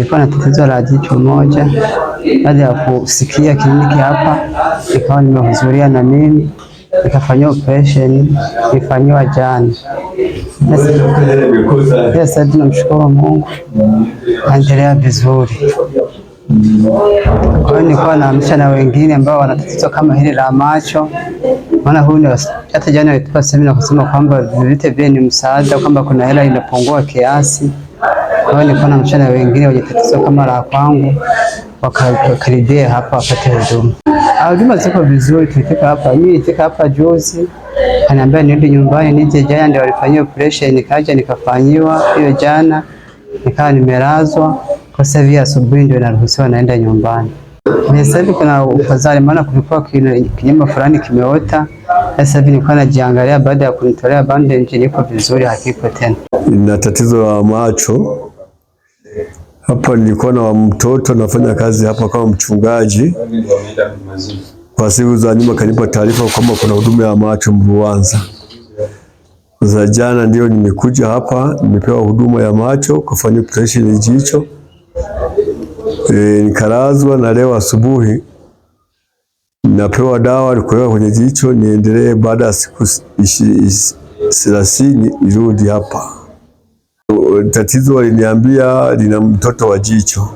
nilikuwa na tatizo la jicho moja. Baada ya kusikia kliniki hapa, nikawa nimehudhuria na mimi nikafanyiwa operation, nifanyiwa jana. Yes, hadi Mungu, naendelea vizuri. Kwa hiyo nilikuwa naamsha na wengine ambao wana tatizo kama hili la macho, maana huyu hata jana alitupa semina kusema kwamba vivite vile ni msaada, kwamba kuna hela inapungua kiasi kwa hiyo nilikuwa na mchana wengine wajitatizo kama la kwangu wakaribia hapa wapate huduma. Ah, huduma ziko vizuri, tulifika hapa. Mimi nilifika hapa juzi, ananiambia nirudi nyumbani, nije jana ndio walifanyia operation, nikaja nikafanyiwa hiyo jana, nikawa nimelazwa. Kwa sasa hivi asubuhi ndio naruhusiwa naenda nyumbani. Sasa hivi kuna ufadhili, maana kulikuwa kinyama fulani kimeota. Sasa hivi nilikuwa najiangalia, baada ya kunitolea bandage niko vizuri, hakiko tena. Na tatizo la macho hapa nilikuwa na mtoto nafanya kazi hapa kama mchungaji. Kwa siku za nyuma kanipa taarifa kwamba kuna huduma ya macho mruwanza Za jana ndio nimekuja hapa, nimepewa huduma ya macho kufanya operation jicho. E, nikalazwa na leo asubuhi napewa dawa kuweka kwenye jicho niendelee, baada ya siku thelathini irudi hapa tatizo waliniambia lina mtoto wa jicho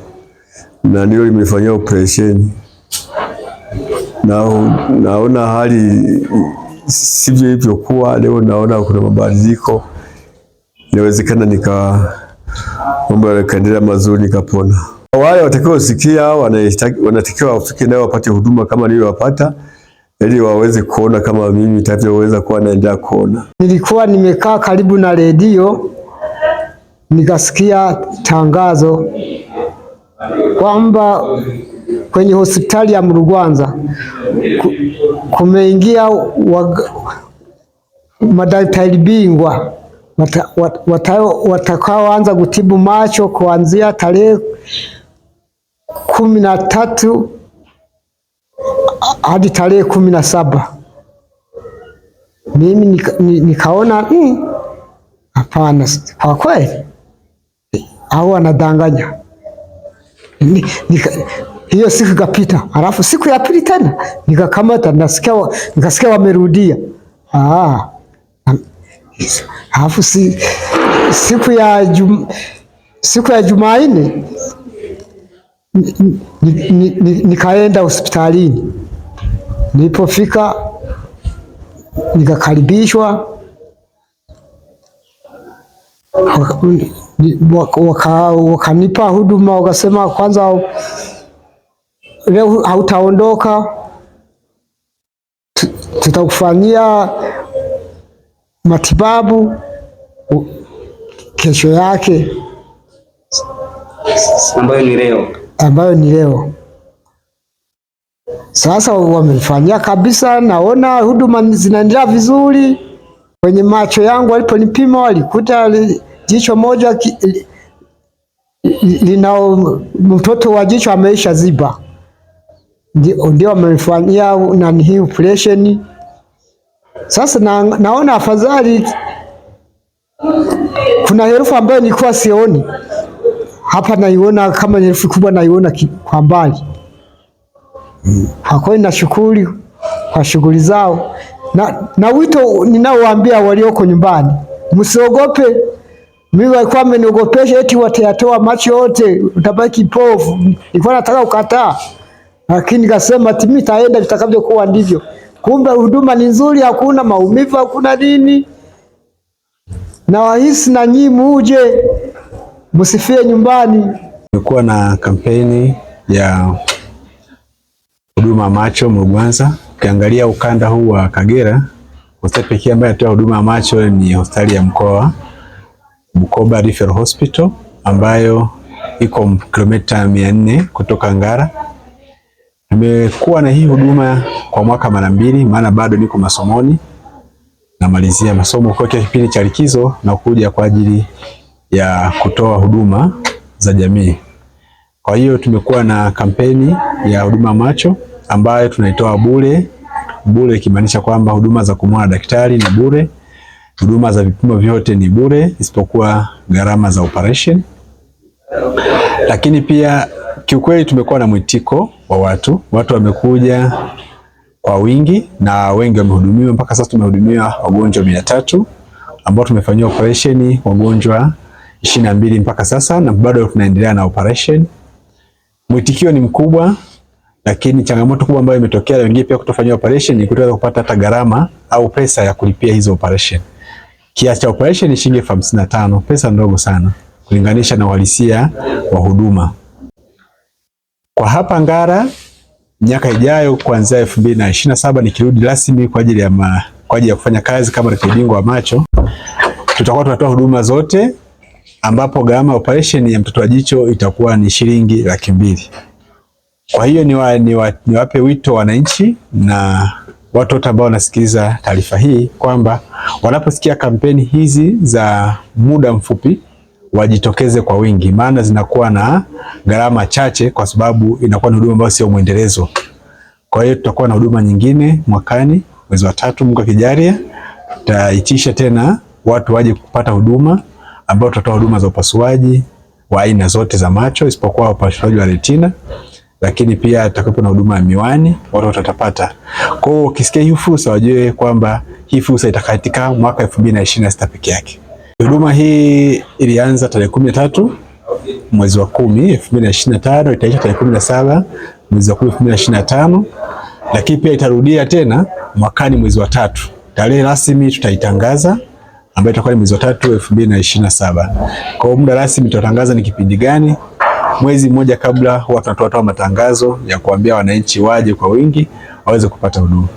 na ndio limefanyia operesheni na, naona hali sivyo ilivyokuwa leo. Naona kuna mabadiliko, inawezekana nika mambo yakaendelea mazuri nikapona. Wale sikia wanatakiwa wafike nao wapate huduma kama nilivyopata, ili waweze kuona kama mimi nitavyoweza kuwa naendelea kuona. Nilikuwa nimekaa karibu na redio nikasikia tangazo kwamba kwenye hospitali ya Murugwanza kumeingia madaktari bingwa watakaoanza kutibu macho kuanzia tarehe kumi na tatu hadi tarehe kumi na saba. Mimi nika, nika, nikaona hmm, hapana, kwa kweli au anadanganya hiyo siku ikapita, alafu siku ya pili tena nikakamata, nasikia nikasikia wamerudia. Ah, alafu si, siku ya jum, siku ya Jumanne nikaenda hospitalini. Nilipofika nikakaribishwa wakanipa waka huduma, wakasema kwanza, leo hautaondoka, tutakufanyia matibabu kesho yake, ambayo ni leo, ambayo ni leo. Sasa wamefanyia kabisa, naona huduma zinaendelea vizuri. Kwenye macho yangu waliponipima walikuta li, jicho moja lina mtoto wa jicho ameisha ziba, ndio amefanyia nani hii operation. Sasa na, naona afadhali. Kuna herufi ambayo nilikuwa sioni hapa, naiona kama herufi kubwa, naiona kwa mbali. Hmm. Hakoni, shukuri kwa shughuli zao na, na wito ninaowaambia walioko nyumbani, msiogope. Mimi walikuwa wameniogopesha eti watayatoa macho yote utabaki pofu. Nilikuwa nataka kukataa. Lakini nikasema ati mimi taenda vitakavyo kuwa ndivyo. Kumbe huduma ni nzuri, hakuna maumivu, hakuna nini. Na wahisi na nyinyi muje msifie nyumbani. Nilikuwa na kampeni ya huduma macho Mrugwanza. Ukiangalia ukanda huu wa Kagera, hospitali pekee ambayo inatoa huduma ya macho ni hospitali ya mkoa Bukoba Referral Hospital ambayo iko kilomita mia nne kutoka Ngara. Nimekuwa na hii huduma kwa mwaka mara mbili, maana bado niko masomoni, namalizia masomo kwa kipindi cha likizo na kuja kwa ajili ya kutoa huduma za jamii. Kwa hiyo tumekuwa na kampeni ya huduma macho ambayo tunaitoa bure bure, ikimaanisha kwamba huduma za kumwona daktari ni bure. Huduma za vipimo vyote ni bure isipokuwa gharama za operation. Lakini pia kiukweli, tumekuwa na mwitiko wa watu, watu wamekuja kwa wingi na wengi wamehudumiwa. Mpaka sasa tumehudumiwa wagonjwa mia tatu ambao tumefanyia operation wagonjwa ishirini na mbili mpaka sasa, na bado tunaendelea na operation. Mwitikio ni mkubwa, lakini changamoto kubwa ambayo imetokea wengine pia kutofanyia operation ni kutoweza kupata hata gharama au pesa ya kulipia hizo operation. Kiasi cha operation ni shilingi elfu hamsini na tano, pesa ndogo sana kulinganisha na uhalisia wa huduma. Kwa hapa Ngara, miaka ijayo kuanzia elfu mbili na ishirini na saba nikirudi rasmi kwa ajili ya ma, kwa ajili ya kufanya kazi kama daktari bingwa wa macho, tutakuwa tunatoa huduma zote ambapo gharama operation ya mtoto wa jicho itakuwa ni shilingi laki mbili. Kwa hiyo niwape ni wa, ni wito wananchi na watu wote ambao wanasikiliza taarifa hii kwamba wanaposikia kampeni hizi za muda mfupi wajitokeze kwa wingi, maana zinakuwa na gharama chache, kwa sababu inakuwa ni huduma ambayo sio mwendelezo. Kwa hiyo tutakuwa na huduma nyingine mwakani, mwezi wa tatu, Mungu akijalia, tutaitisha tena watu waje kupata huduma, ambao tutatoa huduma za upasuaji wa aina zote za macho isipokuwa upasuaji wa retina lakini pia tutakuwepo na huduma ya miwani, watu watapata. Kwa hiyo ukisikia hii fursa, wajue kwamba hii fursa itakatika mwaka 2026 peke yake. Huduma hii ilianza tarehe 13 mwezi wa 10 2025, itaisha tarehe 17 mwezi wa kumi elfu lakini pia itarudia tena mwakani mwezi wa tatu. Tarehe rasmi tutaitangaza ambayo itakuwa ni mwezi wa tatu 2027. Kwa hiyo muda rasmi tutatangaza ni kipindi gani Mwezi mmoja kabla huwa tunatoa matangazo ya kuambia wananchi waje kwa wingi waweze kupata huduma.